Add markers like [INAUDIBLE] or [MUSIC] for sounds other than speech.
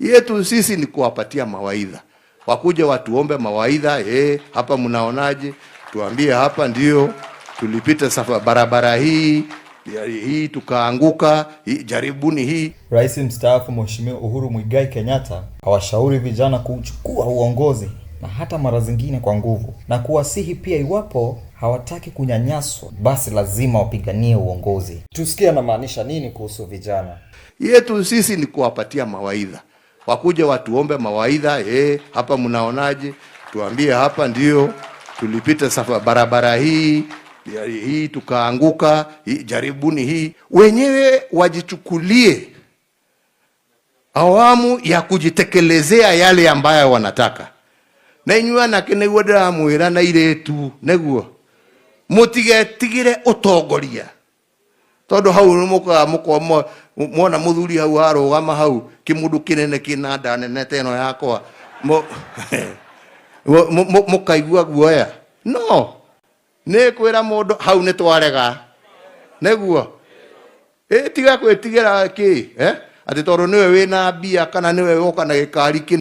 yetu sisi ni kuwapatia mawaidha, wakuja watuombe mawaidha. Eh, hapa mnaonaje? Tuambie hapa ndio tulipita safa barabara hii hii tukaanguka hii, jaribuni hii. Rais mstaafu Mheshimiwa Uhuru Muigai Kenyatta awashauri vijana kuchukua uongozi na hata mara zingine kwa nguvu, na kuwasihi pia iwapo hawataki kunyanyaswa basi lazima wapiganie uongozi. Tusikie anamaanisha nini kuhusu vijana. Yetu sisi ni kuwapatia mawaidha, wakuja watuombe mawaidha eh, hapa mnaonaje? Tuambie hapa ndio tulipita safa barabara hii hii tukaanguka, hii jaribuni hii. Wenyewe wajichukulie awamu ya kujitekelezea yale ambayo wanataka na inyuwa nake niguo ndiramwira na iretu niguo mutigetigire utongoria tondå hau muka muka thuri hau hau gama hau kä må kina kä nene teno yakwa [LAUGHS] kaigua guoya no ra må ndå hau nä twarega guo ä tiga kwä tigä ra kä eh? atä tondå nä we wä na mbia kana nä we woka na gä kari